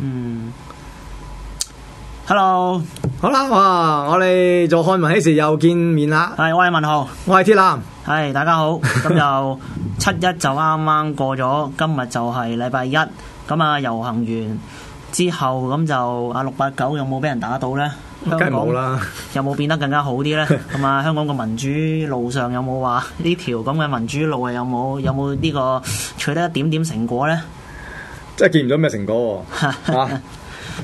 嗯，Hello，好啦，哇，我哋坐看雲起時又見面啦，係我係文豪，我係鐵男，係、哎、大家好，咁 就七一就啱啱過咗，今日就係禮拜一，咁啊遊行完之後，咁就阿六八九有冇俾人打到呢？梗冇啦，有冇變得更加好啲呢？咁啊 香港個民主路上有冇話呢條咁嘅民主路啊？有冇有冇呢個取得一點點成果呢？即係見唔到咩成果， 啊，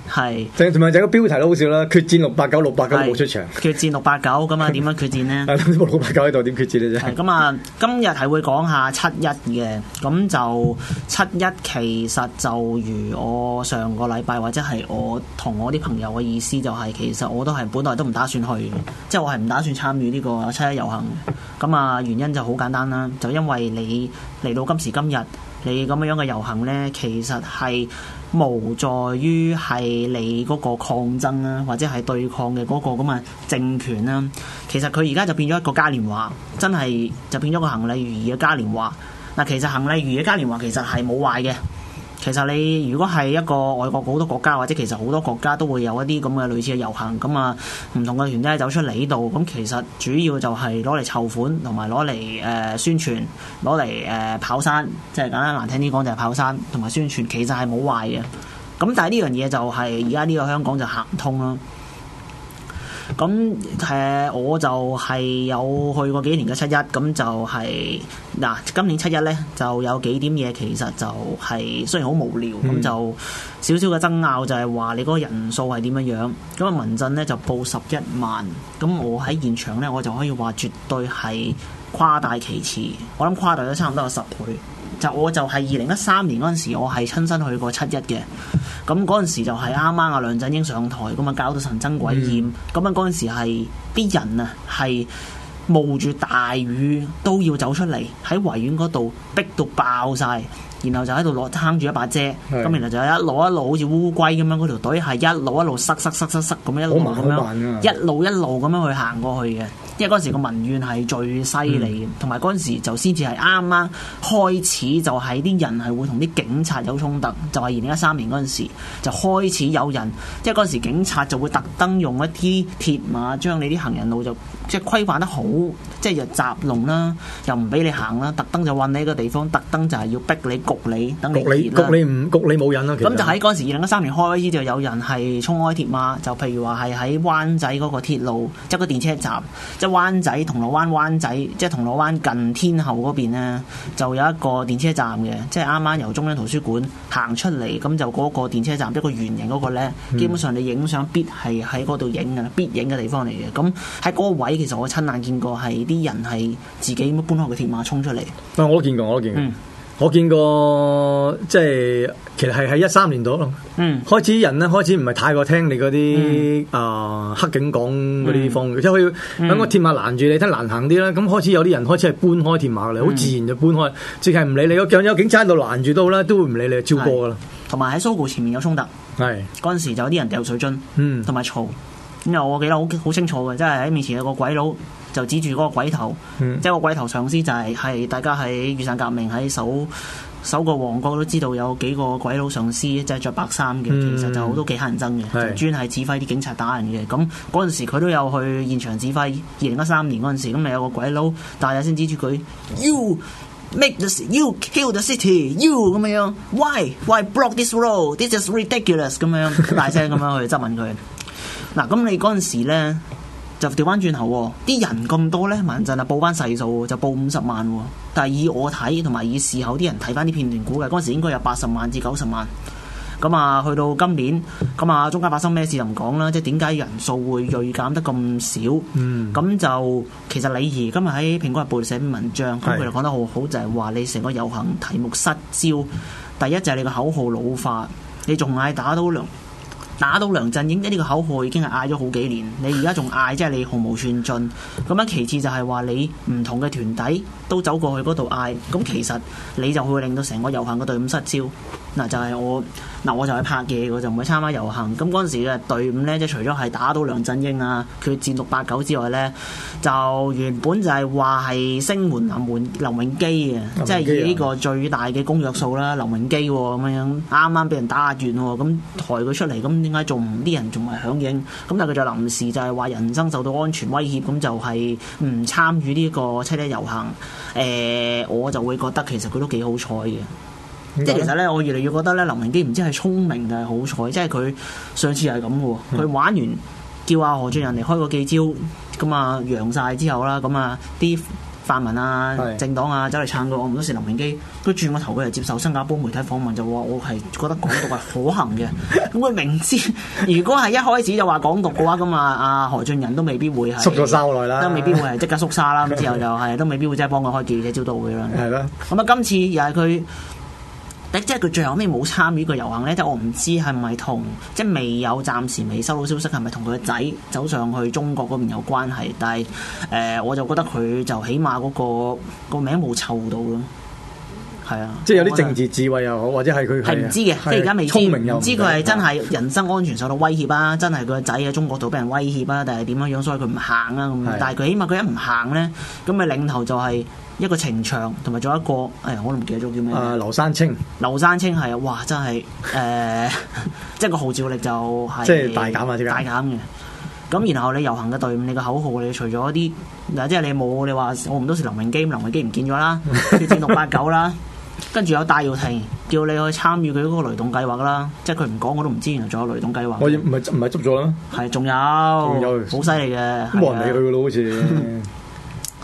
係是，仲同埋整個標題都好少啦，決戰六八九六八九冇出場，決戰六八九，咁啊，點樣決戰呢？六八九喺度點決戰咧？啫。咁啊，今日係會講下七一嘅，咁就七一其實就如我上個禮拜或者係我同我啲朋友嘅意思就係、是，其實我都係本來都唔打算去，即、就、係、是，我係唔打算參與呢個七一遊行。咁啊，原因就好簡單啦，就因為你嚟到今時今日。你咁嘅樣嘅遊行呢，其實係無在於係你嗰個抗爭啊，或者係對抗嘅嗰個咁嘅政權啦。其實佢而家就變咗一個嘉年華，真係就變咗個行禮如儀嘅嘉年華。嗱，其實行禮如儀嘅嘉年華其實係冇壞嘅。其實你如果係一個外國好多國家，或者其實好多國家都會有一啲咁嘅類似嘅遊行咁啊，唔同嘅團體走出嚟呢度。咁其實主要就係攞嚟籌款，同埋攞嚟誒宣傳，攞嚟誒跑山，即係簡單難聽啲講就係跑山同埋宣傳。其實係冇壞嘅，咁但係呢樣嘢就係而家呢個香港就行唔通咯。咁誒、呃，我就係有去過幾年嘅七一，咁就係、是、嗱、啊，今年七一呢就有幾點嘢，其實就係、是、雖然好無聊，咁、嗯、就少少嘅爭拗就，就係話你嗰個人數係點樣樣，咁啊民陣呢就報十一萬，咁我喺現場呢，我就可以話絕對係誇大其詞，我諗誇大咗差唔多有十倍。就我就係二零一三年嗰陣時，我係親身去過七一嘅。咁嗰陣時就係啱啱阿梁振英上台，咁啊搞到神憎鬼厭。咁啊嗰陣時係啲人啊係冒住大雨都要走出嚟，喺維園嗰度逼到爆晒，然後就喺度攞撐住一把遮。咁是的 然後就一路一路好似烏龜咁樣隊，嗰條隊係一路一路塞塞塞塞塞咁一路咁樣很慢很慢，啊、一路一路咁樣去行過去嘅。因為嗰陣時個民怨係最犀利，同埋嗰陣時就先至係啱啱開始，就係啲人係會同啲警察有衝突，就係二零一三年嗰陣時就開始有人，即係嗰陣時警察就會特登用一啲鐵馬將你啲行人路就即係規範得好，即係就閘籠啦，又唔俾你行啦，特登就困你個地方，特登就係要逼你焗你，等你焗你唔焗你冇癮啦，咁、啊、就喺嗰陣時二零一三年開始就有人係衝開鐵馬，就譬如話係喺灣仔嗰個鐵路即係個電車站灣仔銅鑼灣灣仔，即係銅鑼灣近天后嗰邊呢，就有一個電車站嘅，即係啱啱由中央圖書館行出嚟，咁就嗰個電車站一個圓形嗰個呢，基本上你影相必係喺嗰度影噶啦，必影嘅地方嚟嘅。咁喺嗰個位，其實我親眼見過係啲人係自己搬開個鐵馬衝出嚟。哦，我都見過，我都見過。嗯 我見過，即係其實係喺一三年度咯。嗯，開始人咧開始唔係太過聽你嗰啲啊黑警講嗰啲風，嗯、即係佢等個鐵馬攔住你，睇難行啲啦。咁開始有啲人開始係搬開鐵馬嚟，好自然就搬開，即係唔理你。個有警察喺度攔住都好啦，都會唔理你照過噶啦。同埋喺 Sogo 前面有衝突，係嗰陣時就有啲人掉水樽，嗯，同埋嘈。咁又我記得好好清楚嘅，即係喺面前有個鬼佬。就指住嗰個鬼頭，mm. 即係個鬼頭上司就係、是、係大家喺雨傘革命喺首守個王國都知道有幾個鬼佬上司，即係着白衫嘅，mm. 其實就好多幾乞人憎嘅，mm. 專係指揮啲警察打人嘅。咁嗰陣時佢都有去現場指揮，二零一三年嗰陣時，咁、那、咪、個、有個鬼佬大隻先指住佢、mm.，You make the you kill the city，you 咁樣，Why why block this road？This is ridiculous 咁 樣，大聲咁樣去質問佢。嗱， 咁你嗰陣時咧？就調翻轉頭，啲人咁多咧，慢陣啊，報翻細數，就報五十萬。但係以我睇，同埋以事後啲人睇翻啲片段估計嗰陣時，應該有八十萬至九十萬。咁啊，去到今年，咁啊，中間發生咩事就唔講啦。即係點解人數會鋭減得咁少？咁、嗯、就其實李怡今日喺《蘋果日報》寫篇文章，咁佢就講得好好，就係、是、話你成個遊行題目失焦。第一就係你個口號老化，你仲嗌打倒梁，打到梁振英，呢個口號已經係嗌咗好幾年。你而家仲嗌，即係你毫無寸進。咁樣。其次就係話你唔同嘅團體。都走過去嗰度嗌，咁其實你就會令到成個遊行個隊伍失焦。嗱就係我，嗱我就去拍嘢，我就唔會參加遊行。咁嗰陣時嘅隊伍呢，即除咗係打到梁振英啊、決戰六八九之外呢，就原本就係話係升門南門劉永基嘅，基即係以呢個最大嘅公約數啦。劉永基咁、哦、樣啱啱俾人打壓完、哦，咁抬佢出嚟，咁點解仲唔啲人仲係響應？咁但係佢就臨時就係話人身受到安全威脅，咁就係唔參與呢個車隊遊行。誒、呃，我就會覺得其實佢都幾好彩嘅，即係其實咧，我越嚟越覺得咧，林榮基唔知係聰明定係好彩，即係佢上次又係咁嘅喎，佢、嗯、玩完叫阿何俊仁嚟開個記招，咁啊揚晒之後啦，咁啊啲泛民啊，是政黨啊，走嚟撐過我。唔多時，林明基佢轉個頭，佢就接受新加坡媒體訪問，就話我係覺得港獨係可行嘅。咁佢 明知如果係一開始就話港獨嘅話，咁啊，阿何俊仁都未必會係縮咗沙耐啦，都未必會係即刻縮沙啦。咁之後就係都未必會即係幫我開記者招待會啦。係啦，咁啊，今次又係佢。即係佢最後尾冇參與呢個遊行咧，即係我唔知係咪同即係未有暫時未收到消息，係咪同佢個仔走上去中國嗰邊有關係？但係誒、呃，我就覺得佢就起碼嗰、嗰個個名冇臭到咯，係啊，即係有啲政治智慧又、啊、好，或者係佢係唔知嘅，即係而家未知，唔知佢係真係人身安全受到威脅啊，啊真係佢個仔喺中國度俾人威脅啊，定係點樣樣，所以佢唔行啊咁。啊但係佢起碼佢一唔行咧，咁嘅領頭就係、是。一個情場，同埋仲有一個，誒、哎，我都唔記得咗叫咩？啊，劉山青，劉山青係啊，哇，真係，誒、呃，即係個號召力就係即係大減啊！點解大減嘅？咁然後你遊行嘅隊伍，你個口號你你，你除咗一啲即係你冇你話，我唔都時林榮基，林榮基唔見咗啦，決戰六八九啦，跟住有戴耀廷，叫你去參與佢嗰個雷動計劃啦，即係佢唔講我都唔知，原來仲有雷動計劃。我唔係唔係執咗啦，係仲有，仲有，好犀利嘅，冇人理佢噶咯，好似。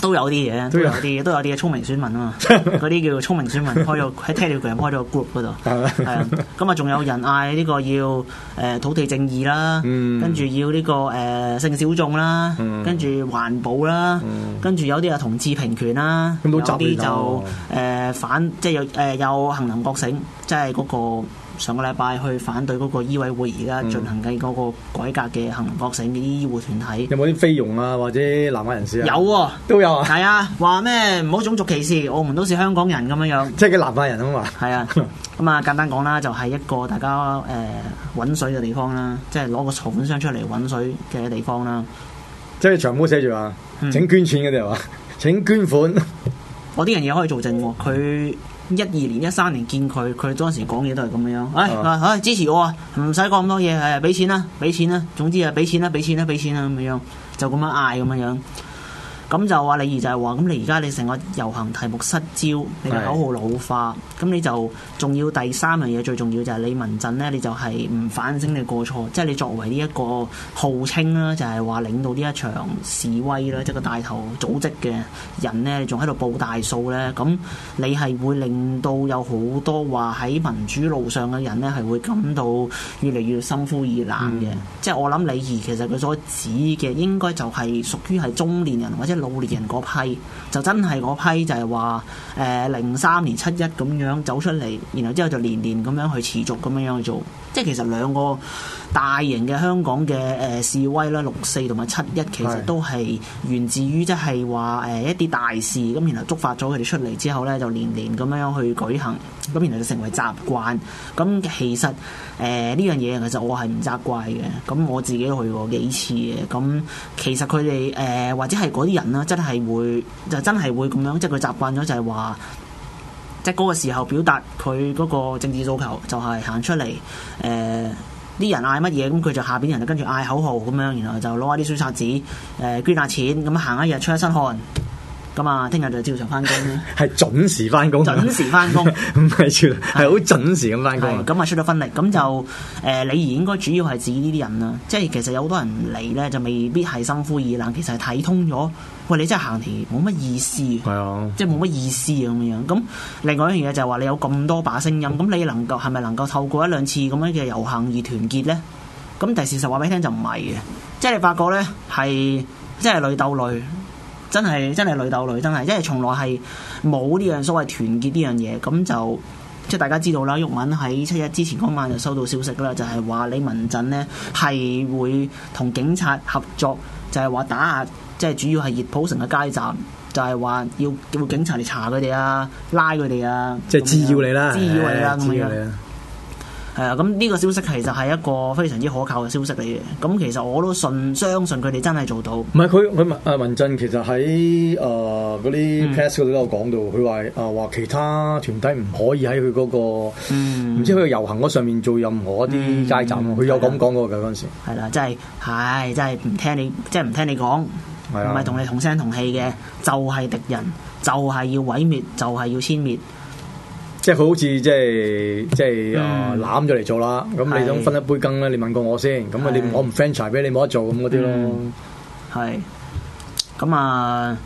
都有啲嘢，都有啲嘢， 都有啲嘢聰明選民啊嘛，嗰啲 叫做聰明選民開咗喺 Telegram 開咗個 group 嗰度，係啊、 嗯，咁啊仲有人嗌呢個要誒土地正義啦，嗯、跟住要呢、呢個誒、呃、性小眾啦，嗯、跟住環保啦，嗯、跟住有啲啊同志平權啦，嗯、有啲就誒反、呃、即係有誒、呃、有恆林覺醒，即係嗰個。上個禮拜去反對嗰個醫委會而家進行緊嗰個改革嘅行動性啲醫護團體、嗯，有冇啲菲傭啊或者南亞人士啊？有，啊，都有啊。係 啊，話咩唔好種族歧視，我哋都是香港人咁樣樣。即係啲南亞人啊嘛。係啊，咁啊，簡單講啦，就係、是、一個大家誒搵、呃、水嘅地方啦，即係攞個籌款箱出嚟搵水嘅地方啦。即係長毛寫住話，請捐錢嘅啫嘛，請捐款。 捐款 我啲人也可以做證，佢。一二年一三年見佢，佢當時講嘢都係咁樣樣，啊哎，哎，哎支持我啊，唔使講咁多嘢，係、哎、啊，俾錢啦，俾錢啦，總之啊，俾錢啦，俾錢啦，俾錢啦咁樣，就咁樣嗌咁樣樣。咁就話李怡就係話，咁你而家你成個遊行題目失焦，你個口號老化，咁是的 你就仲要第三樣嘢最重要就係你民陣呢，你就係唔反省你過錯，即係你作為呢一個號稱啦，就係話領導呢一場示威啦，即係個帶頭組織嘅人咧，你仲喺度報大數呢。咁你係會令到有好多話喺民主路上嘅人呢，係會感到越嚟越心灰意冷嘅。嗯、即係我諗李怡其實佢所指嘅應該就係屬於係中年人或者。老年人嗰批就真係嗰批，就係話誒零三年七一咁樣走出嚟，然後之後就年年咁樣去持續咁樣樣去做。即係其實兩個大型嘅香港嘅誒、呃、示威啦，六四同埋七一，其實都係源自於即係話誒一啲大事咁，然後觸發咗佢哋出嚟之後咧，就年年咁樣去舉行，咁然後就成為習慣，咁其實誒呢樣嘢其實我係唔責怪嘅。咁我自己都去過幾次嘅，咁其實佢哋誒或者係嗰啲人。真係會就真係會咁樣，即係佢習慣咗就係話，即係嗰個時候表達佢嗰個政治訴求就係、是、行出嚟，誒、呃，啲人嗌乜嘢，咁佢就下邊人就跟住嗌口號咁樣，然後就攞下啲小冊子，誒捐下錢，咁行一日出一身汗。咁啊，聽日就照常返工咧，係準時返工，準時返工，唔係錯，係好是準時咁返工。咁啊，出咗分力，咁就誒，你、呃、而應該主要係指呢啲人啦。即係其實有好多人嚟咧，就未必係心灰意冷，其實係睇通咗。喂，你真係行嚟冇乜意思，係啊、哎呦，即係冇乜意思咁樣。咁另外一樣嘢就係話，你有咁多把聲音，咁你能夠係咪能夠透過一兩次咁樣嘅遊行而團結咧？咁但係事實話俾你聽，就唔係嘅，即係你發覺咧，係即係累鬥累。真係真係女鬥女，真係，因為從來係冇呢樣所謂團結呢樣嘢，咁就即係大家知道啦。毓民喺七一之前嗰晚就收到消息啦，就係話你民陣呢係會同警察合作，就係、是、話打壓，即、就、係、是、主要係熱普城嘅街站，就係、是、話要叫警察嚟查佢哋啊，拉佢哋啊，即係滋擾你啦，滋擾就你啦咁樣。的係啊，咁呢、嗯、個消息其實係一個非常之可靠嘅消息嚟嘅。咁其實我都信，相信佢哋真係做到。唔係佢，佢民啊民陣其實喺啊嗰啲 press 都有講到，佢話啊話其他團體唔可以喺佢嗰個唔知佢遊行嗰上面做任何一啲街站。佢、嗯嗯嗯、有咁講過嘅嗰陣時。係啦，真係係真係唔聽你，即係唔聽你講，唔係同你同聲同氣嘅，就係、是、敵人，就係、是、要毀滅，就係、是、要殲滅。即係佢好似即係即係攬咗嚟做啦，咁、嗯、你想分一杯羹咧，你問過我先，咁我、嗯、你我唔 franchise 俾你冇得做咁嗰啲咯、嗯，係，咁啊，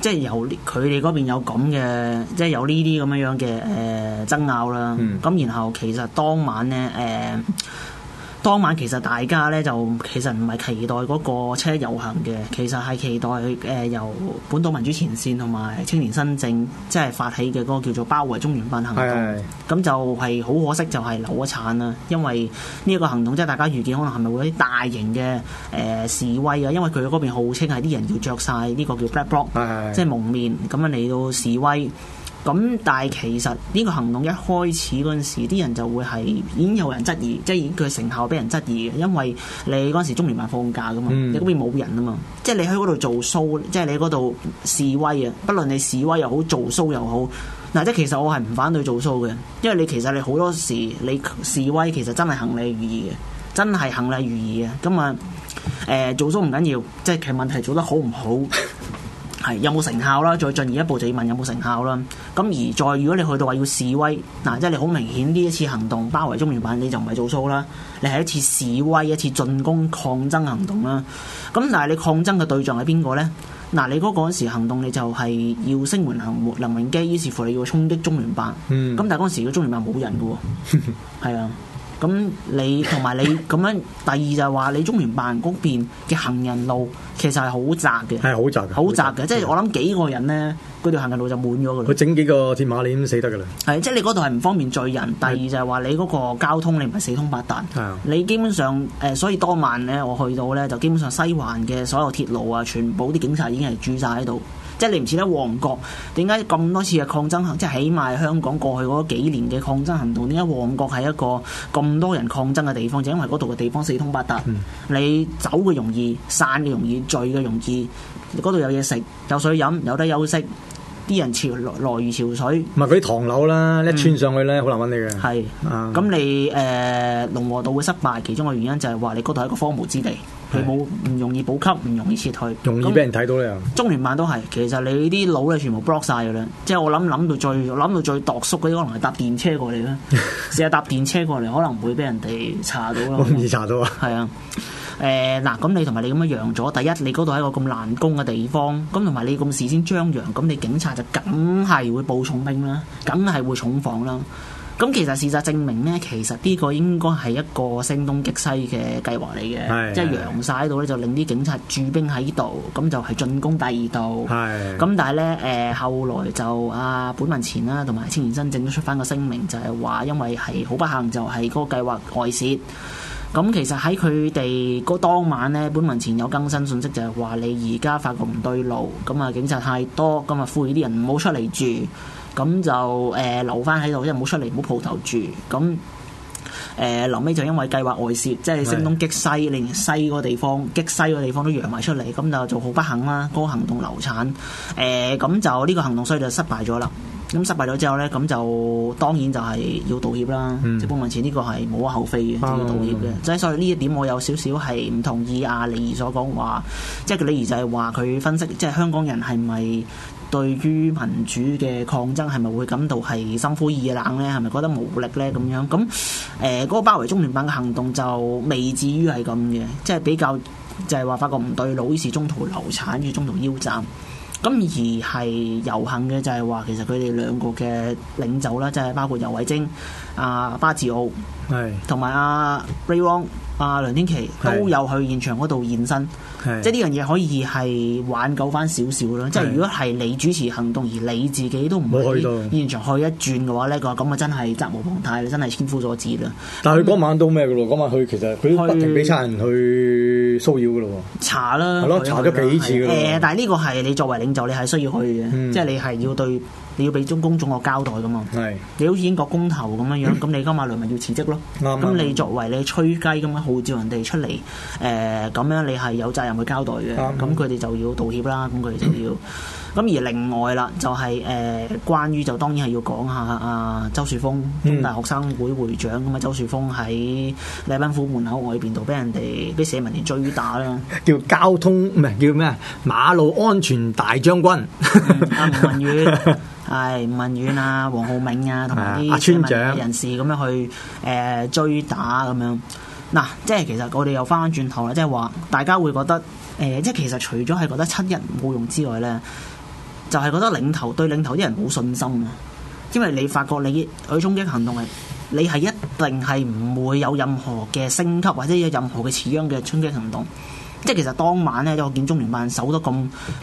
即係由佢哋嗰邊有咁嘅，即係有呢啲咁樣樣嘅誒爭拗啦，咁、嗯、然後其實當晚咧誒。呃當晚其實大家咧就其實唔係期待嗰個車遊行嘅，其實係期待誒、呃、由本土民主前線同埋青年新政即係發起嘅嗰個叫做包圍中聯辦行動。咁是就係好可惜就係流咗產啦，因為呢一個行動即係大家預見可能係咪會有啲大型嘅誒、呃、示威啊，因為佢嗰邊號稱係啲人要着晒呢個叫 black block，是是是即係蒙面咁樣嚟到示威。咁但係其實呢個行動一開始嗰陣時，啲人就會係已經有人質疑，即係已經佢成效俾人質疑嘅，因為你嗰陣時中年晚放假噶嘛，嗯、你嗰邊冇人啊嘛，即係你喺嗰度做 show，即係你喺嗰度示威啊，不論你示威又好做 show 又好，嗱即係其實我係唔反對做 show 嘅，因為你其實你好多時你示威其實真係行禮如儀嘅，真係行禮如儀嘅，咁啊誒做 show 唔緊要，即係其問題做得好唔好？ 係有冇成效啦？再進而一步就要問有冇成效啦。咁而再如果你去到話要示威嗱，即係你好明顯呢一次行動，包圍中聯辦你就唔係做騷啦。你係一次示威，一次進攻抗爭行動啦。咁但係你抗爭嘅對象係邊個呢？嗱，你嗰個時行動你就係要聲援行，林榮基於是乎你要衝擊中聯辦。嗯，咁但係嗰陣時個中聯辦冇人嘅喎，係啊。 咁你同埋你咁樣，第二就係話你中聯辦嗰邊嘅行人路其實係好窄嘅，係好窄嘅，好窄嘅，窄即係我諗幾個人呢，嗰條行人路就滿咗嘅。佢整幾個鐵馬，你已經死得㗎啦。係即係你嗰度係唔方便載人，第二就係話你嗰個交通你唔係四通八達，的你基本上誒，所以當晚呢我去到呢，就基本上西環嘅所有鐵路啊，全部啲警察已經係駐晒喺度。即係你唔似得旺角，點解咁多次嘅抗爭？即係起碼香港過去嗰幾年嘅抗爭行動，點解旺角係一個咁多人抗爭嘅地方？就因為嗰度嘅地方四通八達，你走嘅容易，散嘅容易，聚嘅容易。嗰度有嘢食，有水飲，有得休息，啲人潮來如潮水。唔係嗰啲唐樓啦，一穿上去咧，好、嗯、難揾你嘅。係是，咁、啊、你誒、呃、龍和道會失敗，其中嘅原因就係話你嗰度係一個荒蕪之地。佢冇唔容易補給，唔容易撤退，容易俾那人睇到咧。中聯辦都係，其實你啲腦咧全部 block 曬嘅啦。即係我諗諗到最諗到最度縮嗰啲，可能係搭電車過嚟啦。試下搭電車過嚟，可能會俾人哋查到啦。容易、 那個、查到啊？係啊。誒、呃、嗱，咁你同埋你咁樣揚咗，第一你嗰度係一個咁難攻嘅地方，咁同埋你咁事先張揚，咁你警察就梗係會布重兵啦，梗係會重防啦。咁其實事實證明咧，其實呢個應該係一個聲東擊西嘅計劃嚟嘅， 即係揚晒喺度呢就令啲警察駐兵喺度，咁就係進攻第二度。咁 但係呢，誒、呃、後來就阿、啊、本民前啦、啊，同埋青年新政都出翻個聲明，就係話因為係好不幸，就係嗰個計劃外泄。咁其實喺佢哋嗰當晚呢，本民前有更新信息，就係話你而家發覺唔對路，咁啊警察太多，咁啊呼籲啲人唔好出嚟住。咁就誒、呃、留翻喺度，即係唔好出嚟，唔好鋪頭住。咁誒，呃、後屘臨尾就因為計劃外泄，即係聲東擊西，連西個地方、擊西個地方都揚埋出嚟，咁就做好不幸啦。嗰個行動流產，誒、呃、咁就呢個行動所以就失敗咗啦。咁失敗咗之後咧，咁就當然就係要道歉啦。即係、嗯、本問前呢個係無可厚非嘅，嗯、要道歉嘅。即係、嗯、所以呢一點我有少少係唔同意阿、啊、李怡所講話，即係佢李怡就係話佢分析，即係香港人係咪？對於民主嘅抗爭係咪會感到係心灰意冷呢？係咪覺得無力呢？咁樣咁誒，嗰、呃那個包圍中聯辦嘅行動就未至於係咁嘅，即係比較就係話發覺唔對路，於是中途流產，與中途腰斬。咁而係遊行嘅就係話，其實佢哋兩個嘅領袖啦，即係包括尤偉晶、阿、啊、巴治奧，係同埋阿 Ray Wong。啊！梁天琦是都有去現場嗰度現身，是即係呢樣嘢可以係挽救翻少少咯。是即係如果係你主持行動，而你自己都唔會去現場去一轉嘅話咧，咁啊真係責無旁貸，你真係千夫所指啦。但係佢嗰晚都咩嘅咯？嗰晚佢其實佢不停俾差人去騷擾嘅咯，查啦，係咯了，是查咗幾次嘅。誒，但係呢個係你作為領袖，你係需要去嘅，嗯、即係你係要對。你要俾中公眾個交代噶嘛？係是，你好似英國公投咁樣樣，咁你今日咪要辭職咯？啱。咁你作為你吹雞咁樣號召人哋出嚟，誒、呃、咁樣你係有責任去交代嘅。啊、嗯。咁佢哋就要道歉啦。咁佢哋就要。咁而另外啦、就是，就係誒，關於就當然係要講下阿周樹峰，嗯、中大學生會會長咁啊。周樹峰喺禮賓府門口外邊度俾人哋俾社民連追打啦，叫交通唔係叫咩啊？馬路安全大將軍阿、 嗯啊、文，文宇。係、哎、吳文遠啊、黃浩銘啊，同埋啲村名人士咁樣去誒、呃、追打咁樣。嗱、啊，即係其實我哋又翻返轉頭啦，即係話大家會覺得誒、呃，即係其實除咗係覺得七一冇用之外咧，就係、是、覺得領頭對領頭啲人冇信心啊，因為你發覺你去衝擊行動係，你係一定係唔會有任何嘅升級或者有任何嘅似樣嘅衝擊行動。即係其實當晚咧，我見中聯辦守得咁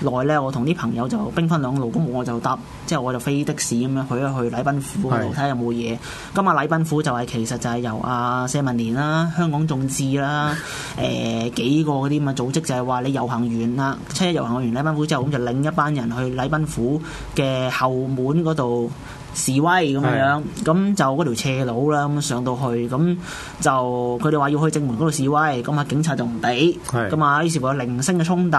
耐咧，我同啲朋友就兵分兩路，咁我就搭，即係我就飛的士咁樣去一去禮賓府嗰度睇下有冇嘢。咁啊是禮賓府就係、是、其實就係由阿、啊、社民連啦、香港眾志啦、誒、呃、幾個嗰啲咁嘅組織，就係話你遊行完啦，七一遊行完禮賓府之後，咁就領一班人去禮賓府嘅後門嗰度。示威咁樣樣，咁是的 就嗰條斜路啦，咁上到去，咁就佢哋話要去正門嗰度示威，咁啊警察就唔俾，咁啊於是乎的 有零星嘅衝突，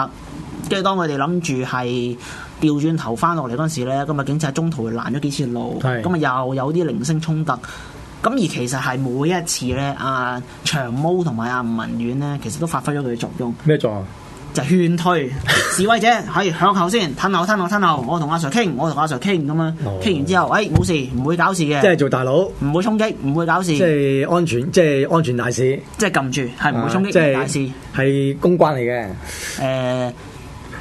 跟住當佢哋諗住係調轉頭翻落嚟嗰陣時咧，咁啊警察中途攔咗幾次路，咁啊是的 又有啲零星衝突，咁而其實係每一次呢，阿、啊、長毛同埋阿吳文遠呢，其實都發揮咗佢嘅作用。咩作用？就勸退示威者，可以向後先，褪後褪後褪後，我同阿 Sir 傾，我同阿 Sir 傾咁樣，傾完之後，哎冇事，唔會搞事嘅。即係做大佬，唔會衝擊，唔會搞事。即係安全，即係安全大事。即係撳住，係唔會衝擊，即係大事係公關嚟嘅。誒、呃，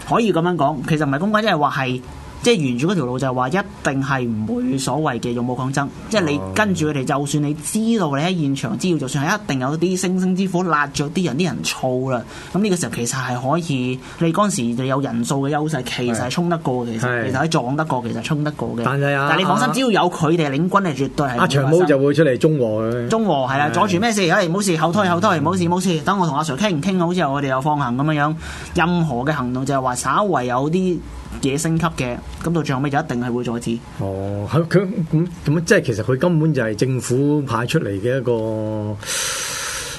可以咁樣講，其實唔係公關，即係話係。即係沿住嗰條路就係話，一定係唔會所謂嘅勇武抗爭。即係你跟住佢哋，就算你知道你喺現場，只要就算係一定有啲星星之火，辣着啲人，啲人燥啦。咁呢個時候其實係可以，你嗰陣時你有人數嘅優勢，其實係衝得過嘅，是其實可撞得過，其實衝得過嘅。但，啊、但你放心，只要有佢哋領軍，係絕對係、啊。阿說長毛就會出嚟中和中和係啦，的阻住咩事？唉、哎，冇事，後退後退，冇事冇事，事。等我同阿 Sir 傾傾好之後，我哋又放行咁樣樣。任何嘅行動就係話，稍為有啲。野升級嘅，咁到最後尾就一定係會阻止。哦，佢咁咁，即係其實佢根本就係政府派出嚟嘅一個，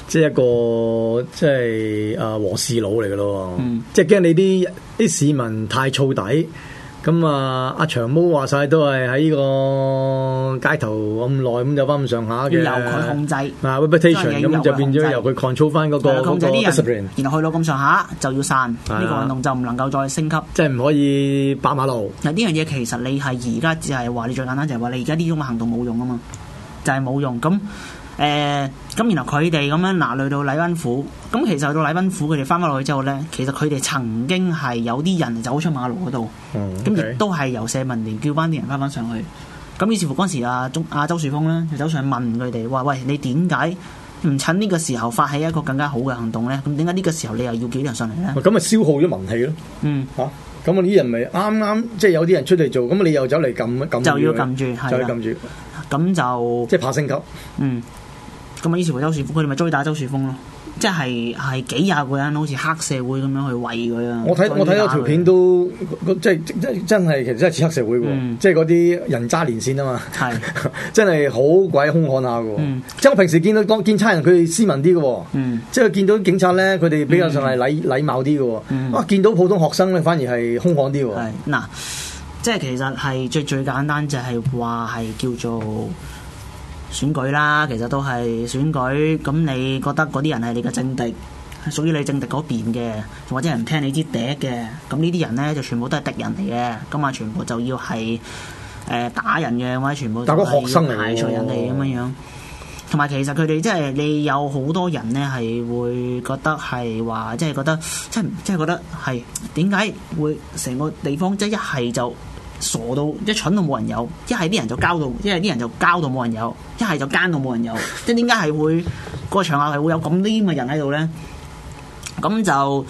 即係一個即係啊和事佬嚟嘅咯。嗯，即係驚你啲啲市民太燥底。咁、嗯、啊，阿長毛話晒都係喺呢個街頭咁耐，咁就翻咁上下嘅。要由佢控制。咁就變咗由佢 control 翻嗰個嗰個。然後去到咁上下就要散呢的個運動，就唔能夠再升級。即係唔可以霸馬路。嗱，呢樣嘢其實你係而家只係話你最簡單，就係話你而家呢種嘅行動冇用啊嘛，就係、是、冇用咁。誒咁，啊、然後佢哋咁樣拿累到禮賓府。咁其實去到禮賓府，佢哋翻翻落去之後咧，其實佢哋曾經係有啲人走出馬路嗰度。咁亦都係由社民連叫翻啲人翻翻上去。咁於是乎嗰陣時，阿中周樹峰咧就走上去問佢哋：話喂，你點解唔趁呢個時候發起一個更加好嘅行動咧？咁點解呢個時候你又要幾多人上嚟咧？咁咪消耗咗民氣咯。S 啊、嗯。花。咁啊，呢人咪啱啱即係有啲人出嚟做，咁你又走嚟撳撳就要撳住，係就要撳住。咁就。即係怕升級。嗯。嗯。咁啊！以前周樹峰，佢哋咪追打周樹峰咯，即係係幾廿個人好似黑社會咁樣去圍佢啊！我睇我睇嗰條片都，即係真真係其實真係似黑社會嘅，即係嗰啲人渣連線啊嘛！係真係好鬼兇悍下嘅。即係我平時見到當見差人，佢哋斯文啲嘅。嗯，即係見到警察咧，佢哋比較上係禮禮貌啲嘅。嗯，哇！見到普通學生咧，反而係兇悍啲。係嗱，即係其實係最最簡單就係話係叫做。選舉啦，其實都係選舉。咁、嗯、你覺得嗰啲人係你嘅政敵，係屬於你政敵嗰邊嘅，或者係唔聽你支笛嘅。咁呢啲人呢，就全部都係敵人嚟嘅。咁啊，全部就要係、呃、打人嘅，或者全部人打個學生嚟人哋咁樣樣。同埋其實佢哋即係你有好多人呢，係會覺得係話，即、就、係、係、覺得，即係即係覺得係點解會成個地方即係一係就。傻到一蠢到冇人有，一係啲人就交到，一係啲人就交到冇人有，一係就奸到冇人有，即係點解係會、那個場合係會有咁啲嘅人喺度呢？咁就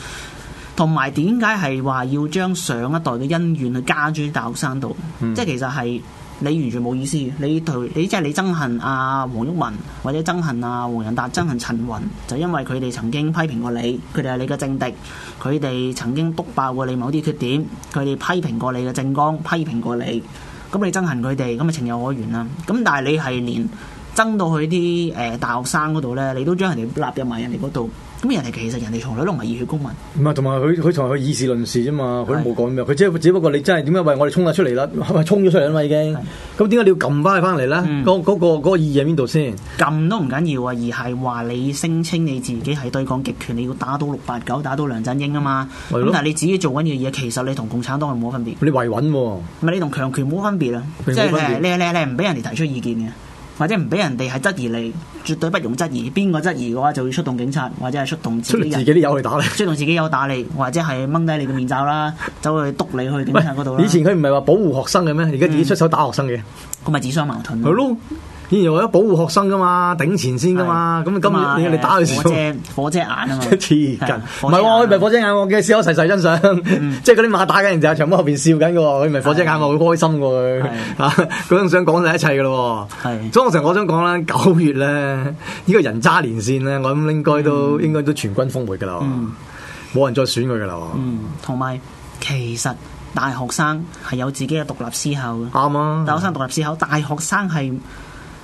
同埋點解係話要將上一代嘅恩怨去加諸大學生度？嗯、即係其實係。你完全冇意思，你同你即係你憎恨阿、啊、黃毓民，或者憎恨阿、啊、黃仁達，憎恨陳雲，就因為佢哋曾經批評過你，佢哋係你嘅政敵，佢哋曾經篤爆過你某啲缺點，佢哋批評過你嘅政綱，批評過你，咁你憎恨佢哋，咁咪情有可原啦。咁但係你係連。爭到去啲誒大學生嗰度咧，你都將人哋納入埋人哋嗰度，咁人哋其實人哋從來都唔係熱血公民。唔係，同埋佢佢同係去以事論事啫嘛，佢都冇講咩，佢的只只不過你真係點解為我哋衝咗出嚟啦？係咪衝咗出嚟啊嘛？已經，咁點解你要撳翻佢翻嚟咧？嗰嗰、嗯那個嗰、那個那個意義喺邊度先？撳都唔緊要啊，而係話你聲稱你自己係對抗極權，你要打到六八九，打到梁振英啊嘛。嗯、但係你自己做緊嘅嘢，其實你同共產黨係冇分別？你維穩喎，唔係你同強權冇分別啊，即係你你你唔俾人哋提出意見嘅。或者唔俾人哋係質疑你，絕對不容質疑。邊個質疑嘅話，就會出動警察，或者係出動自己啲友去打你。出動自己友打你， 或者係掹低你嘅面罩啦，走去篤你去警察嗰度。以前佢唔係話保護學生嘅咩？而家自己出手打學生嘅，咁咪自相矛盾。係咯。依家為咗保護學生噶嘛，頂前先噶嘛，咁今日你打佢時，火遮火遮眼啊嘛，黐緊，唔係喎，佢唔係火遮眼喎，佢笑得實實欣賞，即係嗰啲馬打緊人仔，長踎後邊笑緊噶喎，佢唔係火遮眼我好開心噶佢，啊，佢仲想講晒一切噶咯，所以我想，我想講咧九月咧，呢個人渣連線咧，我諗應該都應該都全軍覆沒噶啦，冇人再選佢噶啦，嗯，同埋其實大學生係有自己嘅獨立思考嘅，啱啊，大學生獨立思考，大學生係。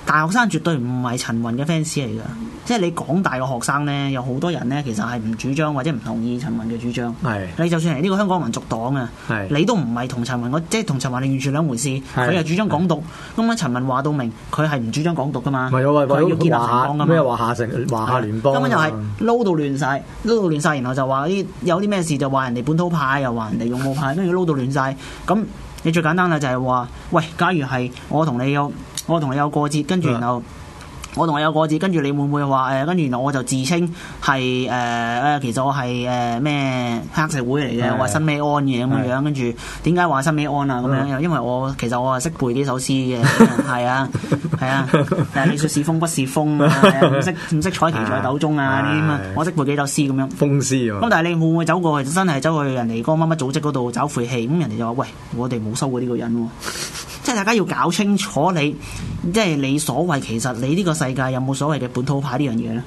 大學生絕對唔係陳雲嘅 fans 嚟噶，即係你港大嘅學生呢，有好多人呢，其實係唔主張或者唔同意陳雲嘅主張。係是的 你就算係呢個香港民族黨啊，是的 你都唔係同陳雲，即係同陳雲，完全兩回事。佢又是的 主張港獨，根本陳雲話到明，佢係唔主張港獨噶嘛。佢要建立話下咩話下城華夏聯邦，啊，根本就係撈到亂晒，撈到亂晒，然後就話啲有啲咩事就話人哋本土派，又話人哋勇武派，跟住撈到亂晒。咁你，你最簡單啦，就係話喂，假如係我同你有。我同你有過節，跟住然後、啊、我同你有過節，跟住你會唔會話誒？跟住然後我就自稱係誒誒，其實我係誒咩黑社會嚟嘅，我係、啊、新美安嘅咁樣樣。跟住點解話新美安啊？咁樣因為我其實我係識背幾首詩嘅，係啊係啊。但係你説是風不是風唔識唔識彩旗在斗中啊？呢啲嘛，我識背幾首詩咁樣。風詩啊！咁但係你會唔會走過去？真係走去人哋嗰乜乜組織嗰度找晦氣？咁人哋就話：喂，我哋冇收過呢個人喎、啊。即係大家要搞清楚你，你即係你所謂，其實你呢個世界有冇所謂嘅本土派呢樣嘢呢？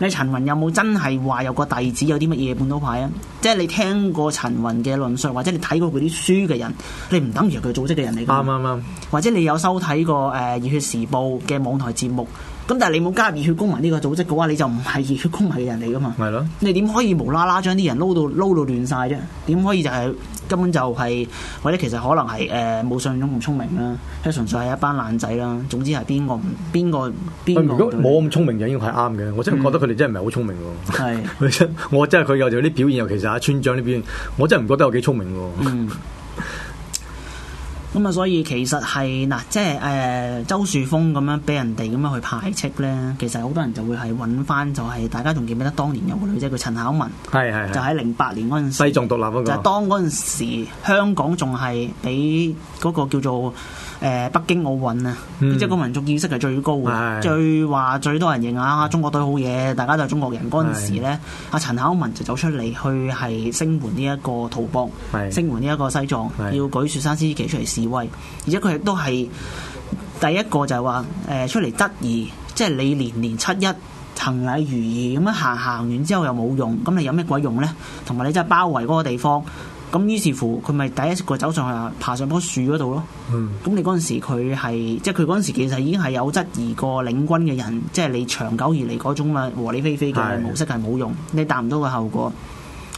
你陳雲有冇真係話有個弟子有啲乜嘢本土派啊？即係你聽過陳雲嘅論述，或者你睇過佢啲書嘅人，你唔等於佢組織嘅人嚟。啱啱啱。或者你有收睇過誒《熱血時報》嘅網台節目。咁但係你冇加入熱血公民呢個組織嘅話，你就唔係熱血公民嘅人嚟㗎嘛。係咯。你點可以無啦啦將啲人撈到撈到亂晒啫？點可以就係、是、根本就係、是、或者其實可能係誒冇想象中咁聰明啦？即係純粹係一班爛仔啦。總之係邊個邊個邊個冇咁聰明就應該係啱嘅。我真係覺得佢哋真係唔係好聰明。係、嗯， 我真係佢有陣有啲表現尤其係阿村長呢邊，我真係唔覺得有幾聰明。嗯。 咁啊、嗯，所以其實係嗱、呃，即係誒、呃、周樹峰咁樣俾人哋咁樣去排斥咧，其實好多人就會係揾翻，就係大家仲記唔記得當年有個女仔叫陳巧文，係係，就喺零八年嗰陣，西藏獨立嗰個就當嗰陣時香港仲係俾嗰個叫做，北京奧運啊，嗯、即係個民族意識係最高嘅，是的 最話最多人認啊！中國隊好嘢，大家都係中國人嗰陣是的 時呢，阿是的 陳巧文就走出嚟去係聲援呢一個吐蕃，是的 聲援呢一個西藏，是的 要舉雪山獅旗出嚟示威，而且佢亦都係第一個就係話誒出嚟質疑，即係你年年七一，行禮如儀，咁樣行行完之後又冇用，咁你有咩鬼用呢？同埋你真係包圍嗰個地方。咁於是乎，佢咪第一個走上去，爬上棵樹嗰度咯。咁、嗯、你嗰陣時佢係，即係佢嗰陣時其實已經係有質疑過領軍嘅人，即、就、係、是、你長久而嚟嗰種嘛和理非非嘅模式係冇用，是的 你達唔到個後果。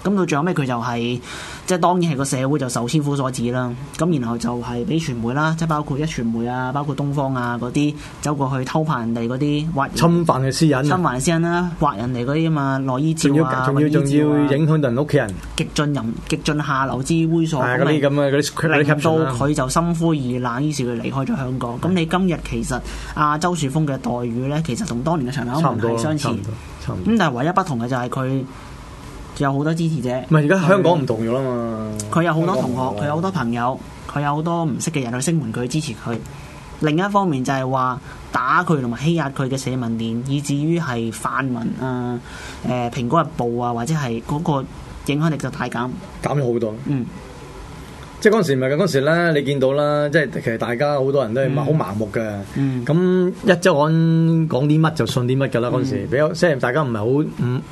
咁到最後尾，佢就係、是、即係當然係個社會就受千夫所指啦。咁然後就係俾傳媒啦，即係包括一傳媒啊，包括東方啊嗰啲走過去偷拍人哋嗰啲，侵犯嘅私隱，侵犯私隱啦，挖人哋嗰啲嘛內衣照啊，要要內衣照要影響人屋企人，極盡淫，極盡下流之猥瑣。係嗰啲咁嘅嗰啲令到佢就心灰意冷，於是佢離開咗香港。咁的你今日其實阿、啊、周樹峰嘅待遇呢，其實同當年嘅場口唔係相似，差唔多。咁但係唯一不同嘅就係佢。仲有好多支持者，唔係而家香港唔同咗啦嘛。佢有好多，多同學，佢有好多朋友，佢有好多唔識嘅人去聲援佢、支持佢。另一方面就係話打佢同埋欺壓佢嘅社民連，以至於係泛民啊、誒、呃、蘋果日報啊，或者係嗰個影響力就大減，減咗好多。嗯，即係嗰時唔係嘅嗰時咧，你見到啦，即係其實大家好多人都係好麻木嘅。咁、嗯嗯、一週講啲乜就信啲乜㗎啦。嗰、嗯、時比較即係大家唔係好唔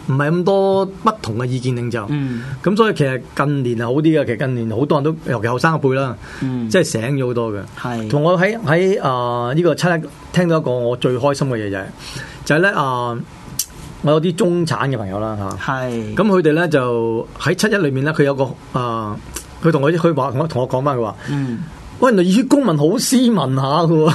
唔係咁多同嘅意見領袖，咁、嗯、所以其實近年啊好啲嘅，其實近年好多人都，尤其後生一輩啦，嗯、即係醒咗好多嘅。係是，同我喺喺啊呢個七一聽到一個我最開心嘅嘢就係，就係咧啊，我有啲中產嘅朋友啦嚇，咁佢哋咧就喺七一裏面咧，佢有個啊，佢、呃、同我佢話同我同我講翻佢話。嗯喂，原來啲公民好斯文下㗎喎。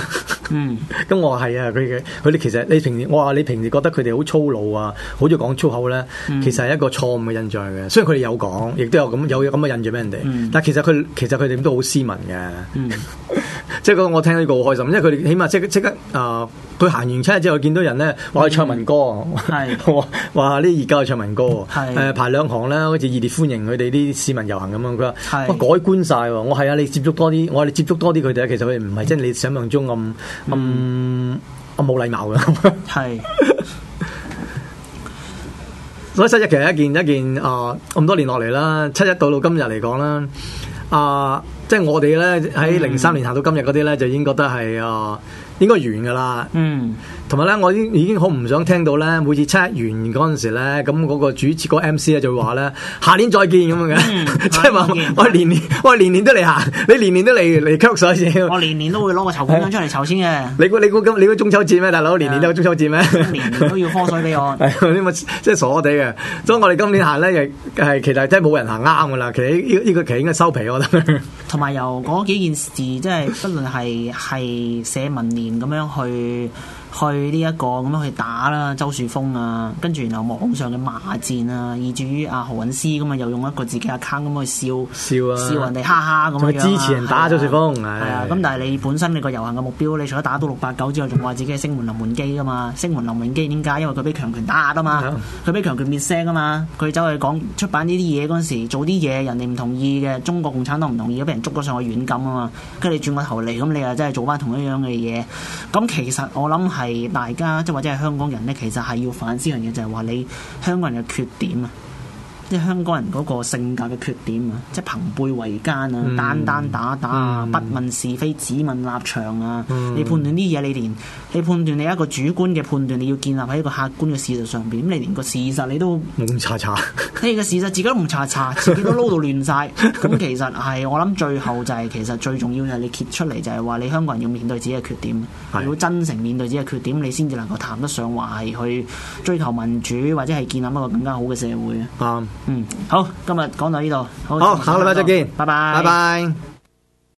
嗯，咁 我話係啊，佢嘅佢哋其實你平時我話你平時覺得佢哋好粗魯啊，好似講粗口咧，其實係一個錯誤嘅印象嘅。雖然佢哋有講，亦都有咁有咁嘅印象俾人哋，但其實佢其實佢哋都好斯文嘅。嗯 即係嗰個我聽起嚟好開心，因為佢哋起碼即即刻啊，佢、呃、行完車之後見到人咧，話去唱民歌啊，係、嗯、哇，而家去唱民歌係是、呃、排兩行啦，好似熱烈歡迎佢哋啲市民遊行咁樣，佢話是改觀晒，我係啊，你接觸多啲，我話你接觸多啲佢哋啊，其實佢哋唔係即係你想像中咁咁咁冇禮貌噶，係是。 所以七一其實一件一件啊，咁、呃、多年落嚟啦，七一到到今日嚟講啦，啊、呃。呃即係我哋咧喺零三年行到今日嗰啲咧，就已經覺得係哦應該完㗎啦。嗯。 同埋咧，我已已經好唔想聽到咧。每次七一完嗰陣時咧，咁、那、嗰個主持、那個 M C 咧就話咧，下年再見咁樣嘅，即係話我年年我年年都嚟行，你年年都嚟嚟科水先。我年年都會攞個籌款箱出嚟籌先嘅。 你估你估今你估中秋節咩大佬？年年都有中秋節咩？年年都要科水俾我，你咪即係傻傻地嘅。所以，我哋今年行咧，係其實真係冇人行啱噶啦。其實呢呢、這個期、這個、應該收皮，我覺得。同埋由嗰幾件事，即、就、係、是、不論係係社民連咁樣去。去呢、這、一個咁樣去打啦，周樹峰啊，跟住然後網上嘅罵戰啊，以至於阿、啊、何韻詩咁啊，又用一個自己 account 咁去笑笑啊，笑人哋哈哈咁去支持人打、啊、周樹峰。係啊，咁、啊、但係你本身你個遊行嘅目標，你除咗打到六八九之外，仲話自己係星門流門機噶嘛？星門流門機點解？因為佢俾強權打啊嘛，佢俾 強權滅聲啊嘛，佢走去講出版呢啲嘢嗰陣時，做啲嘢人哋唔同意嘅，中國共產黨唔同意，而家俾人捉咗上去軟禁啊嘛，跟住你轉個頭嚟咁，你又真係做翻同一樣嘅嘢，咁其實我諗係。係大家，即或者係香港人咧，其實係要反思一樣嘢，就係話你香港人嘅缺點啊。即係香港人嗰個性格嘅缺點啊，即係朋比為奸啊，嗯、單單打打、嗯、不問是非，只問立場啊、嗯。你判斷啲嘢，你連你判斷你一個主觀嘅判斷，你要建立喺一個客觀嘅事實上邊。咁你連個事實你都冇咁查查， 你個事實自己都唔查查，自己都撈到亂晒。咁 其實係我諗最後就係、是，其實最重要就係你揭出嚟，就係話，你香港人要面對自己嘅缺點，要的真誠面對自己嘅缺點，你先至能夠談得上話係去追求民主或者係建立一個更加好嘅社會啊。 嗯，好，今日講到呢度，好，好，下個禮拜再見，好拜拜，拜拜。拜拜。